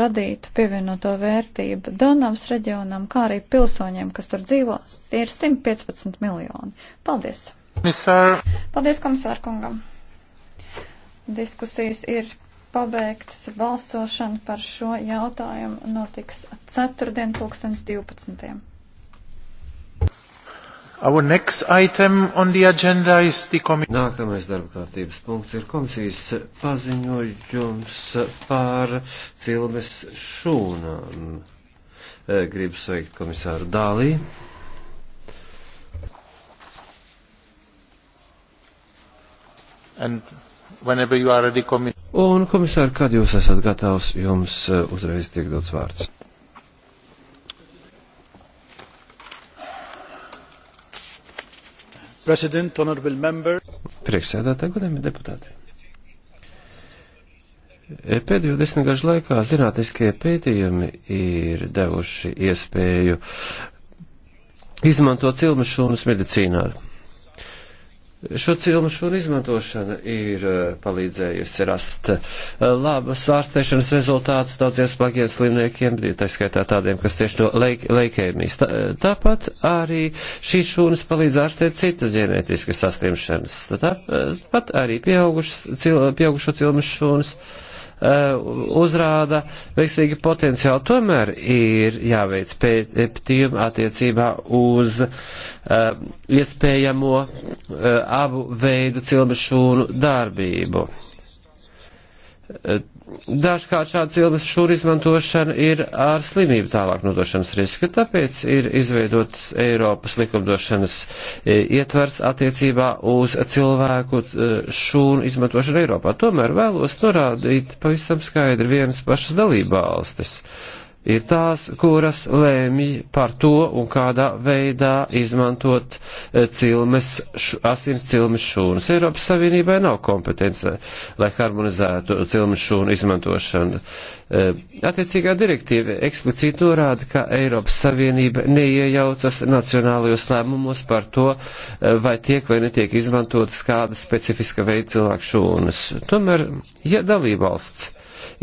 radītu pievienoto vērtību Donavas reģionam, kā arī pilsoņiem, kas tur dzīvo, ir 115 miljoni. Paldies! Komisār. Paldies komisārkungam! Diskusijas ir pabeigtas. Balsošana par šo jautājumu notiks ceturtdien, 2012. Nākamais darba kārtības punkts ir komisijas paziņojums par cilmes šūnām. Eh, gribu sveikt komisāru Dālī. Ready, komis Un komisāri, kad jūs esat gatavs, jums eh, uzreiz tiek dots vārds. Priekšsēdētāji, godējumi deputāti. E, pēdējo desmitgažu laikā zinātniskie pētījumi ir devuši iespēju izmantot cilmešūnas medicīnā. Šo cilšu un izmantošana ir eh, palīdzējusi rast eh, labas ārstēšanas rezultātus daudziem smagiem slimniekiem, tā skaitā tādiem, kas tieši no leik, leikēmijas. Tā, eh, tāpat arī šīs šūnas palīdz ārstēt citas ģenētiskas saslimšanas. Tāpat arī pieaugušo cilšu šūnas. Eh, uzrāda veiksmīgi potenciāli. Tomēr ir jāveic pētījumi attiecībā uz eh, iespējamo eh, abu veidu cilbešūnu darbību dažkārt šādas ilgas šūra izmantošana ir ar slimību tālāk nodošanas riska, tāpēc ir izveidots Eiropas likumdošanas e, ietvers attiecībā uz cilvēku e, šūnu izmantošanu Eiropā. Tomēr vēlos norādīt pavisam skaidri vienas pašas dalībvalstis. valstis ir tās, kuras lēmj par to un kādā veidā izmantot eh, cilmes, asins cilmes šūnas. Eiropas Savienībai nav kompetence, lai harmonizētu cilmes šūnu izmantošanu. Eh, attiecīgā direktīva eksplicīti norāda, ka Eiropas Savienība neiejaucas nacionālajos lēmumos par to, eh, vai tiek vai netiek izmantotas kāda specifiska veida cilvēku šūnas. Tomēr, ja dalībvalsts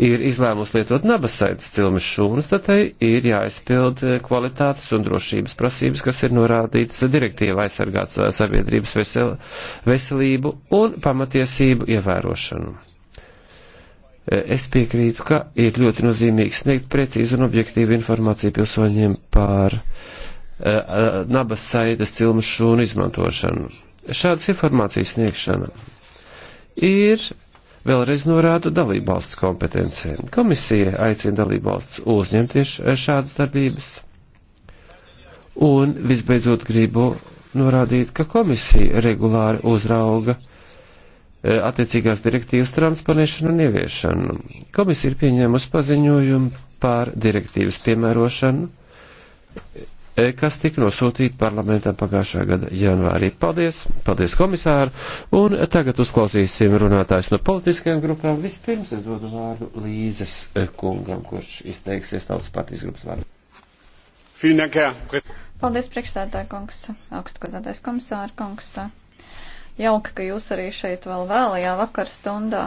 ir izlēmusi lietot nabasaitas cilmes šūnas, tad tai ir jāizpild eh, kvalitātes un drošības prasības, kas ir norādītas direktīva aizsargāt sabiedrības vesel, veselību un pamatiesību ievērošanu. Eh, es piekrītu, ka ir ļoti nozīmīgi sniegt precīzu un objektīvu informāciju pilsoņiem par uh, nabas saitas cilmes šūnu izmantošanu. Šādas informācijas sniegšana ir vēlreiz norādu dalībvalsts kompetencē. Komisija aicina dalībvalsts uzņemties eh, šādas darbības. Un visbeidzot gribu norādīt, ka komisija regulāri uzrauga eh, attiecīgās direktīvas transponēšanu un ieviešanu. Komisija ir pieņēmusi paziņojumu pār direktīvas piemērošanu E, kas tika nosūtīti parlamentam pagājušā gada janvārī. Paldies, paldies komisāru, un tagad uzklausīsim runātājs no politiskajām grupām. Vispirms es dodu vārdu Līzes e, kungam, kurš izteiksies tautas partijas grupas vārdu. Paldies, priekšstādāja kungs, augstgadātais komisāra kungs. Jauki, ka jūs arī šeit vēl vēlajā vakar stundā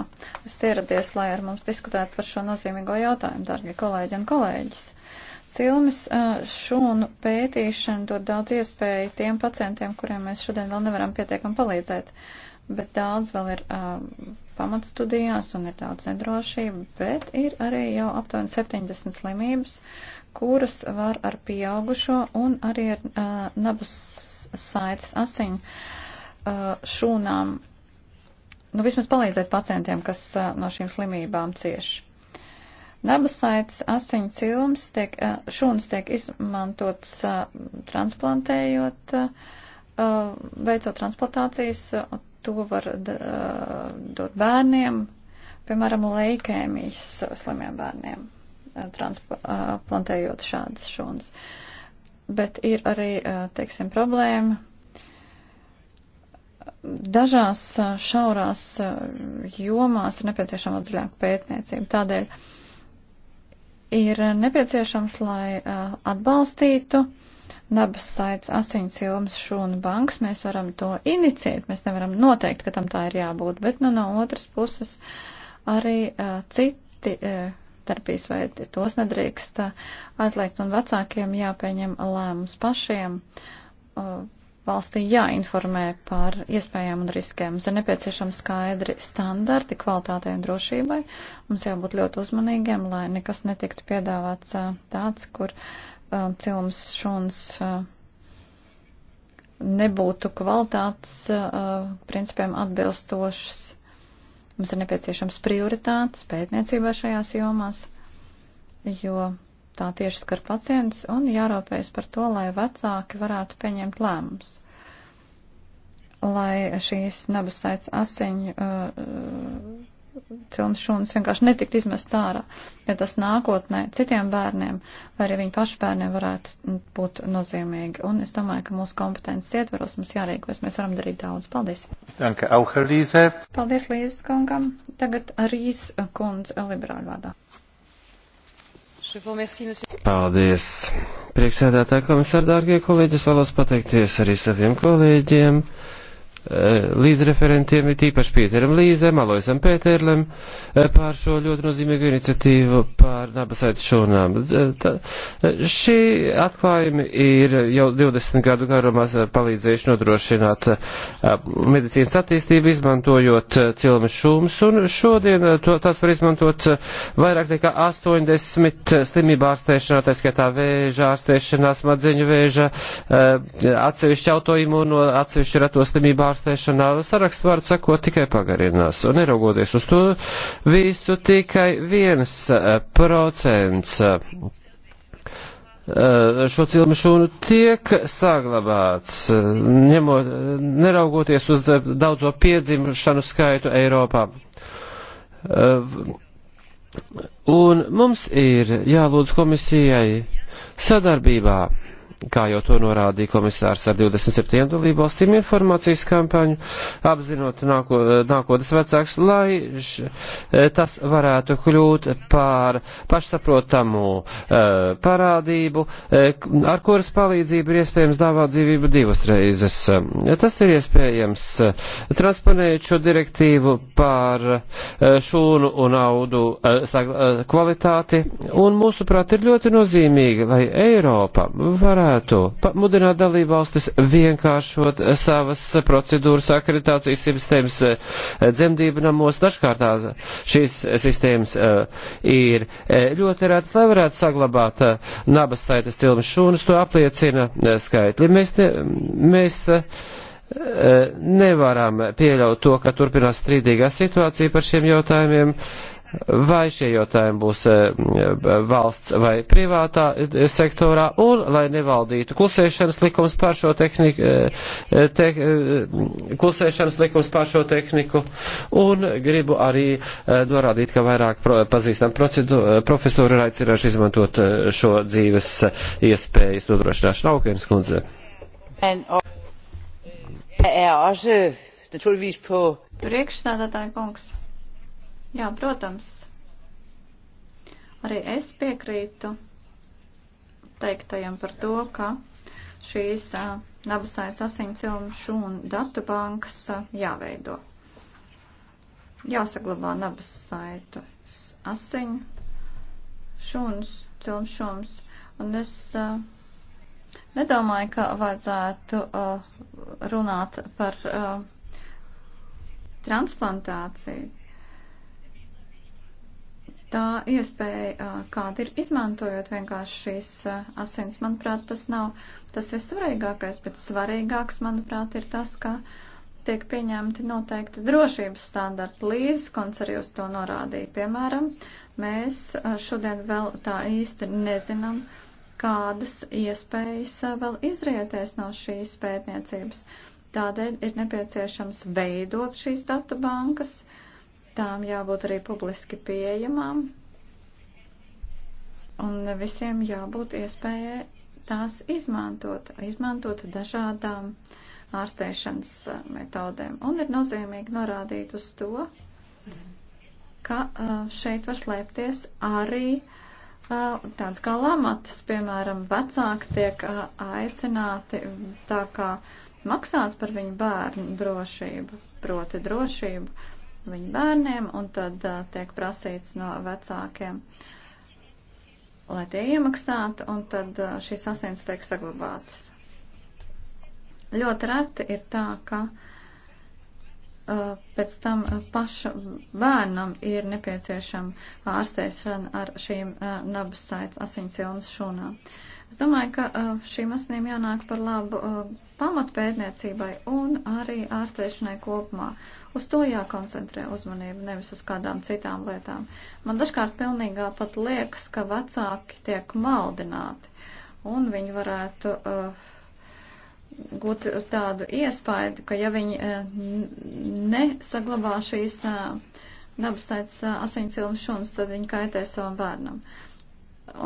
esat ieradies, lai ar mums diskutētu par šo nozīmīgo jautājumu, dārgie kolēģi un kolēģis. Cilmes šūnu pētīšana dod daudz iespēju tiem pacientiem, kuriem mēs šodien vēl nevaram pietiekami palīdzēt, bet daudz vēl ir uh, pamatstudijās un ir daudz nedrošība, bet ir arī jau aptuveni 70 slimības, kuras var ar pieaugušo un arī ar uh, nabas saites asiņu uh, šūnām, nu vismaz palīdzēt pacientiem, kas uh, no šīm slimībām cieši. Dabasaitas asiņu cilmes tiek, eh, šūnas tiek izmantotas eh, transplantējot, eh, veicot transplantācijas, to var dot bērniem, piemēram, leikēmijas slimiem bērniem, transplantējot šādas šūnas. Bet ir arī, teiksim, problēma. Dažās šaurās jomās ir nepieciešama dziļāka pētniecība. Tādēļ uh, ir nepieciešams, lai uh, atbalstītu dabas saites asiņas ilmas šūnu banks. Mēs varam to inicēt, mēs nevaram noteikt, ka tam tā ir jābūt, bet nu, no otras puses arī uh, citi uh, darbīs vai tos nedrīkst uh, aizliegt un vecākiem jāpieņem lēmums pašiem. Uh, valstī jāinformē par iespējām un riskiem. Mums ir nepieciešami skaidri standarti kvalitātei un drošībai. Mums jābūt ļoti uzmanīgiem, lai nekas netiktu piedāvāts tāds, kur uh, cilums šuns uh, nebūtu kvalitātes uh, principiem atbilstošs. Mums ir nepieciešams prioritātes pētniecībā šajās jomās, jo tā tieši skar pacients un jārūpējas par to, lai vecāki varētu pieņemt lēmumus. Lai šīs nebasaits asiņu uh, cilmes šūnas vienkārši netikt izmest ārā, jo tas nākotnē citiem bērniem vai arī viņu pašu bērniem varētu būt nozīmīgi. Un es domāju, ka mūsu kompetences ietveros mums jārīkojas. Mēs varam darīt daudz. Paldies. Danke, Auha Līze. Paldies, Līzes kungam. Tagad Rīs kundze liberāļu vārdā. Paldies! Priekšsēdētāji komisāri, dārgie kolēģis, vēlos pateikties arī saviem kolēģiem. Eh, līdzreferentiem, ir tīpaši Pieteram Līzēm, Aloisam Pēterlem eh, pār šo ļoti nozīmīgu iniciatīvu pār nabasaitas šūnām. Eh, šī atklājumi ir jau 20 gadu garumā palīdzējuši nodrošināt medicīnas attīstību, izmantojot cilmes šūmas, un šodien to, tās var izmantot vairāk nekā 80 slimību ārstēšanā, tā skaitā vēža ārstēšanā, smadzeņu vēža, atsevišķi autoimūno, atsevišķi reto slimību ārstēšanā ārstēšanā saraksts var sakot tikai pagarinās. Un neraugoties uz to visu, tikai viens eh, procents eh, šo cilmišūnu tiek saglabāts, ņemot, neraugoties uz eh, daudzo piedzimšanu skaitu Eiropā. Un mums ir jālūdz komisijai sadarbībā kā jau to norādīja komisārs ar 27 dalību valstīm informācijas kampaņu, apzinot nāko, nākotnes vecāks, lai š, tas varētu kļūt par pašsaprotamu e, parādību, e, ar kuras palīdzību ir iespējams dāvāt dzīvību divas reizes. Tas ir iespējams transponējot šo direktīvu par e, šūnu un audu e, kvalitāti, un mūsuprāt ir ļoti nozīmīgi, lai Eiropa varētu varētu mudināt dalībvalstis vienkāršot savas procedūras akreditācijas sistēmas eh, dzemdību namos. Dažkārt šīs sistēmas eh, ir eh, ļoti rētas, lai varētu saglabāt nabas saites cilmes šūnas, to apliecina skaitļi. Mēs, ne, mēs nevaram pieļaut to, ka turpinās strīdīgā situācija par šiem jautājumiem. Uh, vai šie jautājumi būs eh, valsts vai privātā eh, sektorā, un lai nevaldītu klusēšanas likums pār šo tehniku, eh, te, klusēšanas likums pār šo tehniku, un gribu arī norādīt, ka vairāk pazīstam profesori ir aicinājuši izmantot šo dzīves iespējas nodrošināšanu. Aukens kundze. Uh, e Priekšstādātāji kungs. Jā, protams. Arī es piekrītu teiktajam par to, ka šīs uh, nabasājas asiņcilnu šūnu datu bankas uh, jāveido. Jāsaglabā nabasājas asiņu šūnas, cilnu šūnas. Un es uh, nedomāju, ka vajadzētu uh, runāt par uh, transplantāciju tā iespēja, kāda ir izmantojot vienkārši šīs asins, manuprāt, tas nav tas vissvarīgākais, bet svarīgāks, manuprāt, ir tas, ka tiek pieņemti noteikti drošības standarti. Līdz koncerts arī uz to norādīja. Piemēram, mēs šodien vēl tā īsti nezinām, kādas iespējas vēl izrietēs no šīs pētniecības. Tādēļ ir nepieciešams veidot šīs datu bankas Tām jābūt arī publiski pieejamām, un visiem jābūt iespējai tās izmantot, izmantot dažādām ārstēšanas eh, metodēm. Un ir nozīmīgi norādīt uz to, ka eh, šeit var slēpties arī eh, tāds kā lamatas, piemēram, vecāki tiek aicināti tā kā maksāt par viņu bērnu drošību, proti drošību viņu bērniem, un tad uh, tiek prasīts no vecākiem, lai tie iemaksātu, un tad uh, šīs asins tiek saglabātas. Ļoti reti ir tā, ka uh, Uh, pēc tam uh, paša bērnam ir nepieciešama ārstēšana ar šīm uh, nabas saites asiņcilmas šūnām. Es domāju, ka šīm asinīm jānāk par labu pamatpētniecībai un arī ārstēšanai kopumā. Uz to jākoncentrē uzmanība, nevis uz kādām citām lietām. Man dažkārt pilnīgā pat liekas, ka vecāki tiek maldināti un viņi varētu uh, gūt tādu iespēju, ka ja viņi eh, nesaglabā šīs eh, dabasaits eh, asiņcilvas šunas, tad viņi kaitē savam bērnam.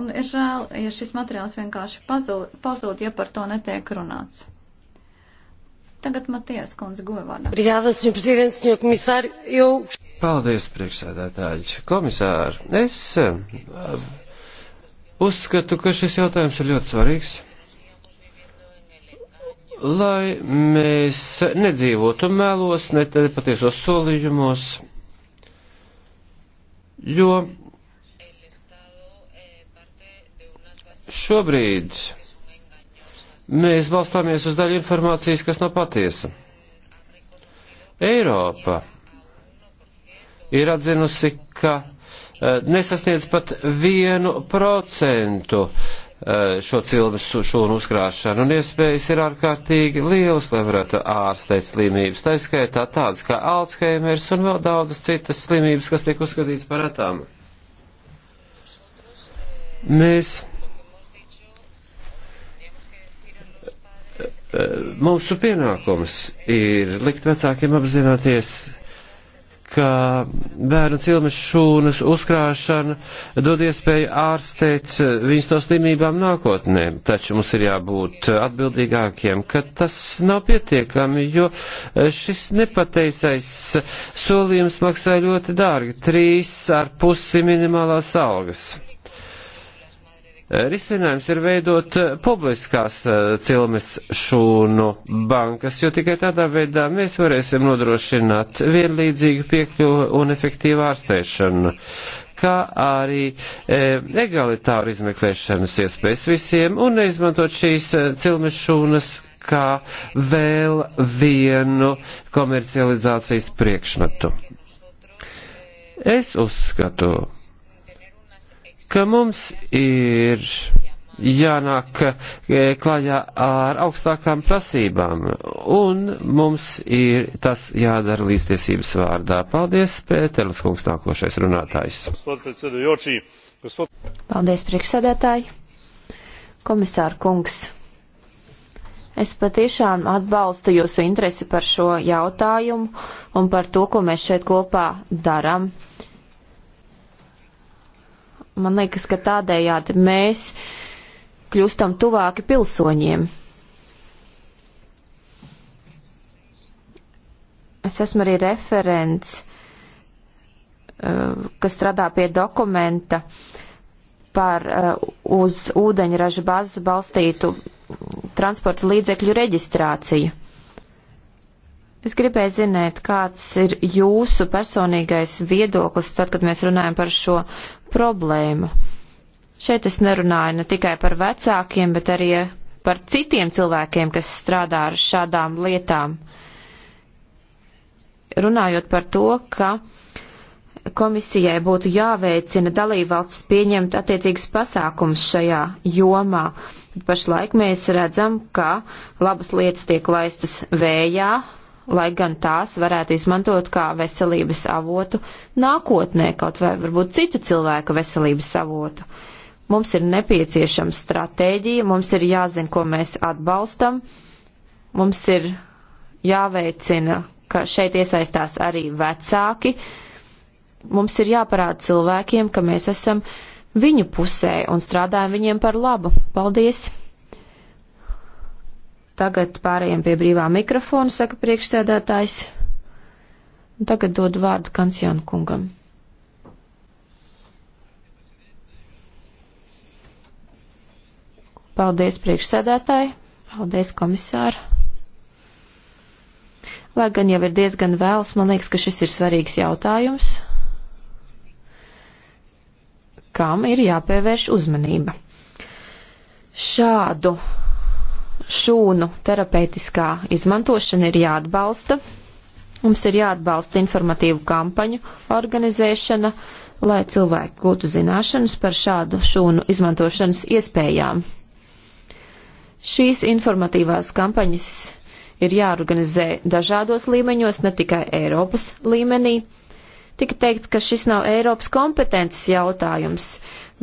Un ir žēl, ja šis materiāls vienkārši pazūd, pazūd ja par to netiek runāts. Tagad Matijas kundze govārdā. Paldies, priekšsēdētāji. Komisāri, es uzskatu, ka šis jautājums ir ļoti svarīgs lai mēs nedzīvotu mēlos, ne patiesos solījumos, jo šobrīd mēs balstāmies uz daļu informācijas, kas nav patiesa. Eiropa ir atzinusi, ka eh, nesasniedz pat vienu procentu uh, Uh, šo cilvēku šūnu uzkrāšanu, un iespējas ir ārkārtīgi lielas, lai varētu ārstēt slimības, tā skaitā tādas kā Alzheimers un vēl daudzas citas slimības, kas tiek uzskatītas par retām. Mēs uh, uh, Mūsu pienākums ir likt vecākiem apzināties ka bērnu cilmes šūnas uzkrāšana dod iespēju ārstēt viņus no slimībām nākotnē, taču mums ir jābūt atbildīgākiem, ka tas nav pietiekami, jo šis nepateisais solījums maksā ļoti dārgi - trīs ar pusi minimālās algas. Eh, risinājums ir veidot eh, publiskās eh, cilmes šūnu bankas, jo tikai tādā veidā mēs varēsim nodrošināt vienlīdzīgu piekļuvu un efektīvu ārstēšanu, kā arī e, egalitāru izmeklēšanas iespējas visiem un neizmantot šīs cilmes šūnas kā vēl vienu komercializācijas priekšmetu. Es uzskatu, ka mums ir jānāk e, klajā ar augstākām prasībām, un mums ir tas jādara līdztiesības vārdā. Paldies, Pēteris Kungs, nākošais runātājs. Paldies, priekšsēdētāji. Komisāra Kungs. Es patiešām atbalstu jūsu interesi par šo jautājumu un par to, ko mēs šeit kopā darām. Man liekas, ka tādējādi mēs kļūstam tuvāki pilsoņiem. Es esmu arī referents, eh, kas strādā pie dokumenta par eh, uz ūdeņraža bāzes balstītu transporta līdzekļu reģistrāciju. Es gribēju zināt, kāds ir jūsu personīgais viedoklis, tad, kad mēs runājam par šo problēmu. Šeit es nerunāju ne tikai par vecākiem, bet arī par citiem cilvēkiem, kas strādā ar šādām lietām. Runājot par to, ka komisijai būtu jāveicina dalībvalsts pieņemt attiecīgas pasākums šajā jomā. Pašlaik mēs redzam, ka labas lietas tiek laistas vējā, lai gan tās varētu izmantot kā veselības avotu nākotnē, kaut vai varbūt citu cilvēku veselības avotu. Mums ir nepieciešama stratēģija, mums ir jāzina, ko mēs atbalstam, mums ir jāveicina, ka šeit iesaistās arī vecāki, mums ir jāparāda cilvēkiem, ka mēs esam viņu pusē un strādājam viņiem par labu. Paldies! Tagad pārējiem pie brīvā mikrofona, saka priekšsēdētājs. Un tagad dod vārdu Kansjānu kungam. Paldies priekšsēdētāji, paldies komisāri. Lai gan jau ir diezgan vēls, man liekas, ka šis ir svarīgs jautājums, kam ir jāpievērš uzmanība. Šādu šūnu terapeitiskā izmantošana ir jāatbalsta. Mums ir jāatbalsta informatīvu kampaņu organizēšana, lai cilvēki gūtu zināšanas par šādu šūnu izmantošanas iespējām. Šīs informatīvās kampaņas ir jāorganizē dažādos līmeņos, ne tikai Eiropas līmenī. Tika teikts, ka šis nav Eiropas kompetences jautājums,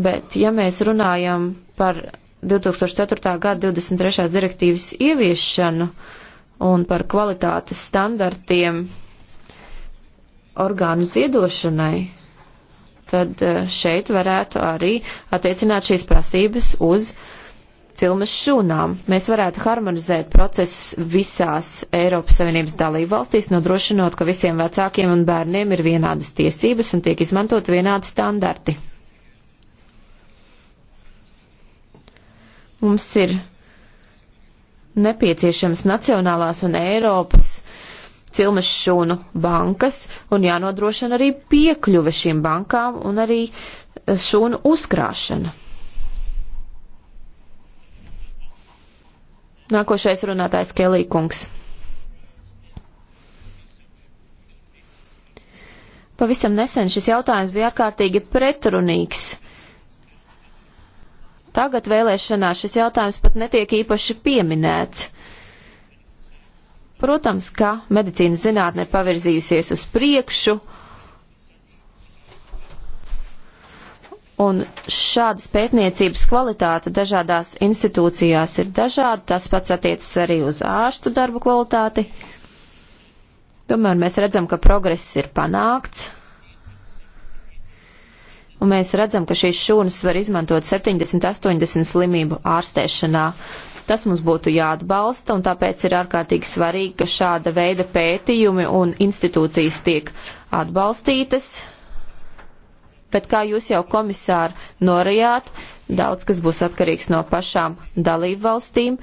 bet ja mēs runājam par 2004. gada 23. direktīvas ieviešanu un par kvalitātes standartiem orgānu ziedošanai, tad eh, šeit varētu arī attiecināt šīs prasības uz cilmes šūnām. Mēs varētu harmonizēt procesus visās Eiropas Savienības dalībvalstīs, nodrošinot, ka visiem vecākiem un bērniem ir vienādas tiesības un tiek izmantot vienādi standarti. Mums ir nepieciešams nacionālās un Eiropas cilmes šūnu bankas un jānodrošina arī piekļuve šīm bankām un arī eh, šūnu uzkrāšana. Nākošais runātājs Kelī kungs. Pavisam nesen šis jautājums bija ārkārtīgi pretrunīgs. Tagad vēlēšanā šis jautājums pat netiek īpaši pieminēts. Protams, ka medicīnas zinātne pavirzījusies uz priekšu, Un šādas pētniecības kvalitāte dažādās institūcijās ir dažāda, tas pats attiecas arī uz ārstu darbu kvalitāti. Tomēr mēs redzam, ka progress ir panākts un mēs redzam, ka šīs šūnas var izmantot 70-80 slimību ārstēšanā. Tas mums būtu jāatbalsta, un tāpēc ir ārkārtīgi svarīgi, ka šāda veida pētījumi un institūcijas tiek atbalstītas. Bet kā jūs jau komisāri norījāt, daudz kas būs atkarīgs no pašām dalību valstīm.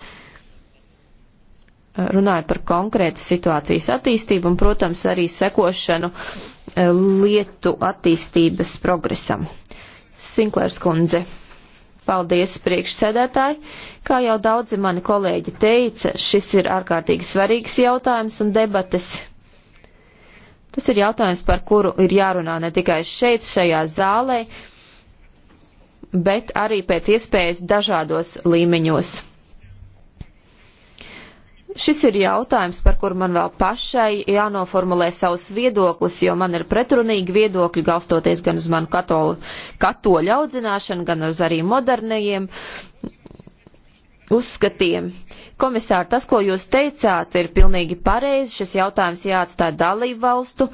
Runājot par konkrētas situācijas attīstību un, protams, arī sekošanu uh, Eh, lietu attīstības progresam. Sinklērs kundze. Paldies, priekšsēdētāji! Kā jau daudzi mani kolēģi teica, šis ir ārkārtīgi svarīgs jautājums un debates. Tas ir jautājums, par kuru ir jārunā ne tikai šeit, šajā zālē, bet arī pēc iespējas dažādos līmeņos. Šis ir jautājums, par kur man vēl pašai jānoformulē savs viedoklis, jo man ir pretrunīgi viedokļi, galstoties gan uz manu katolu, katoļu audzināšanu, gan uz arī modernajiem uzskatiem. Komisār, tas, ko jūs teicāt, ir pilnīgi pareizi. Šis jautājums jāatstāja dalību valstu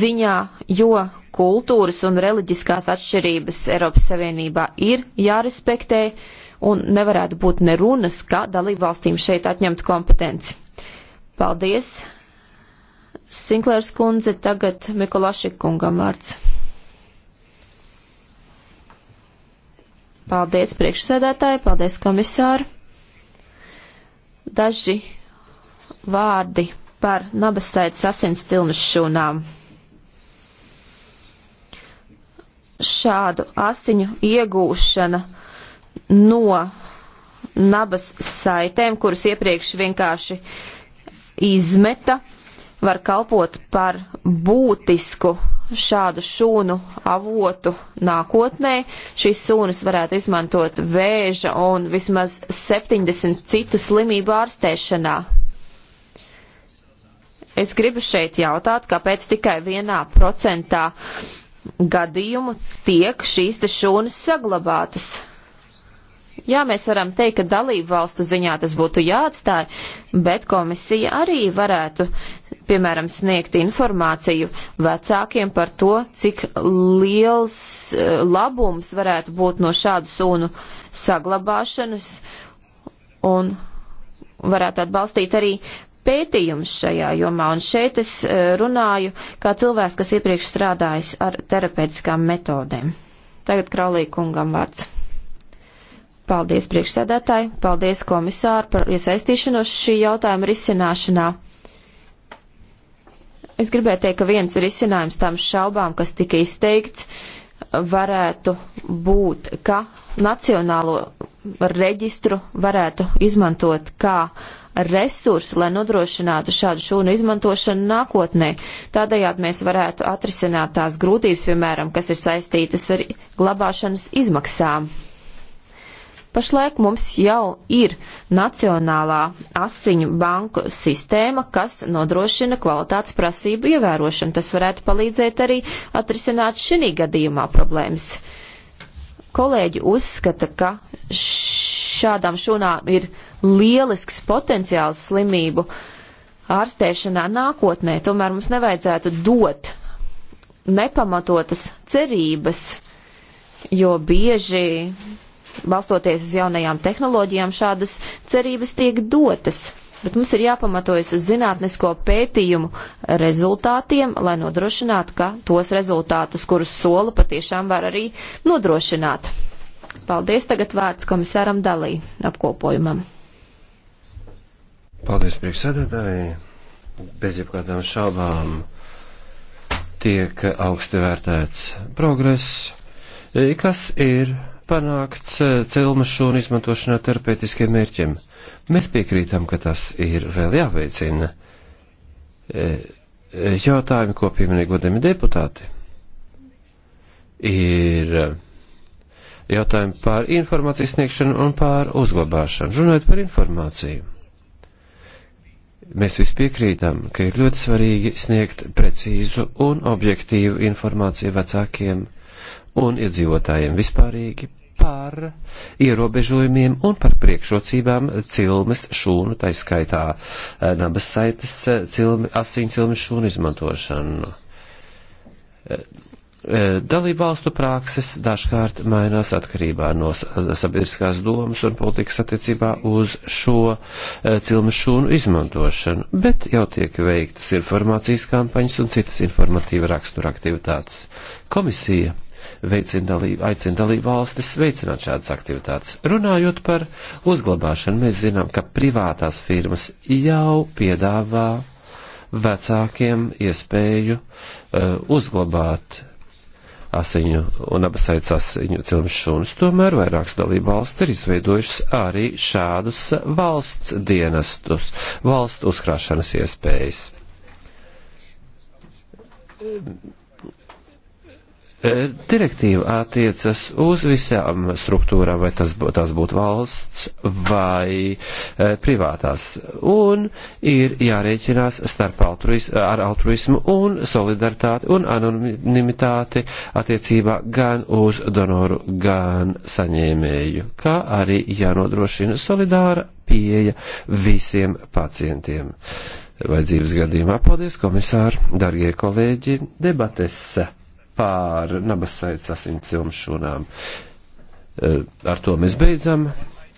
ziņā, jo kultūras un reliģiskās atšķirības Eiropas Savienībā ir jārespektē. Uh, un nevarētu būt nerunas, ka dalībvalstīm šeit atņemtu kompetenci. Paldies! Sinklērs kundze, tagad Mikulašik kungam vārds. Paldies priekšsēdētāji, paldies komisāri. Daži vārdi par nabasaitas asins cilnes šūnām. Šādu asiņu iegūšana no nabas saitēm, kuras iepriekš vienkārši izmeta, var kalpot par būtisku šādu šūnu avotu nākotnē. Šīs sūnas varētu izmantot vēža un vismaz 70 citu slimību ārstēšanā. Es gribu šeit jautāt, kāpēc tikai vienā procentā gadījumu tiek šīs te šūnas saglabātas. Jā, mēs varam teikt, ka dalību valstu ziņā tas būtu jāatstāj, bet komisija arī varētu, piemēram, sniegt informāciju vecākiem par to, cik liels eh, labums varētu būt no šādu sūnu saglabāšanas un varētu atbalstīt arī pētījums šajā jomā, un šeit es eh, runāju kā cilvēks, kas iepriekš strādājis ar terapeitiskām metodēm. Tagad Kraulī kungam vārds. Paldies priekšsēdētāji, paldies komisāru par iesaistīšanos šī jautājuma risināšanā. Es gribēju teikt, ka viens risinājums tam šaubām, kas tika izteikts, varētu būt, ka nacionālo reģistru varētu izmantot kā resursu, lai nodrošinātu šādu šūnu izmantošanu nākotnē. Tādējādi mēs varētu atrisināt tās grūtības, piemēram, kas ir saistītas ar glabāšanas izmaksām. Pašlaik mums jau ir Nacionālā asiņu banku sistēma, kas nodrošina kvalitātes prasību ievērošanu. Tas varētu palīdzēt arī atrisināt šī gadījumā problēmas. Kolēģi uzskata, ka šādām šūnām ir lielisks potenciāls slimību ārstēšanā nākotnē, tomēr mums nevajadzētu dot nepamatotas cerības, jo bieži balstoties uz jaunajām tehnoloģijām, šādas cerības tiek dotas. Bet mums ir jāpamatojas uz zinātnisko pētījumu rezultātiem, lai nodrošinātu, ka tos rezultātus, kurus sola, patiešām var arī nodrošināt. Paldies tagad vārds komisāram Dalī apkopojumam. Paldies, priekšsēdētāji. Bez jebkādām šaubām tiek augsti vērtēts progress, kas ir panākts eh, celmas šūnu izmantošanā terapeitiskiem mērķiem. Mēs piekrītam, ka tas ir vēl jāveicina. Eh, eh, jautājumi, ko pieminēja godami deputāti, ir jautājumi par informācijas sniegšanu un par uzglabāšanu. Runājot par informāciju, mēs visi piekrītam, ka ir ļoti svarīgi sniegt precīzu un objektīvu informāciju vecākiem un iedzīvotājiem vispārīgi par ierobežojumiem un par priekšrocībām cilmes šūnu, tā skaitā eh, nabas saites eh, cilmi, asīņu cilmes šūnu izmantošanu. Eh, Dalībvalstu prakses dažkārt mainās atkarībā no sabiedriskās domas un politikas attiecībā uz šo cilmes šūnu izmantošanu, bet jau tiek veiktas informācijas kampaņas un citas informatīva rakstura aktivitātes. Komisija veicina dalību, aicina dalību valstis veicināt šādas aktivitātes. Runājot par uzglabāšanu, mēs zinām, ka privātās firmas jau piedāvā vecākiem iespēju uh, uzglabāt asiņu un abasaicu asiņu cilmšūnas. Tomēr vairākas dalība valsts ir izveidojušas arī šādus valsts dienestus, valsts uzkrāšanas iespējas. E, direktīva attiecas uz visām struktūrām, vai tas, tās būtu valsts vai e, privātās, un ir jārēķinās starp altruismu, ar altruismu un solidaritāti un anonimitāti attiecībā gan uz donoru, gan saņēmēju, kā arī jānodrošina solidāra pieeja visiem pacientiem. Vai dzīves gadījumā, paldies komisāri, darbie kolēģi, debates! pār nabasaitas asins cilmšanām. Eh, ar to mēs beidzam.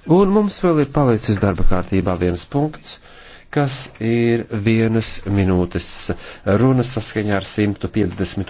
Un mums vēl ir palicis darba kārtībā viens punkts, kas ir vienas minūtes runas saskaņā ar 150.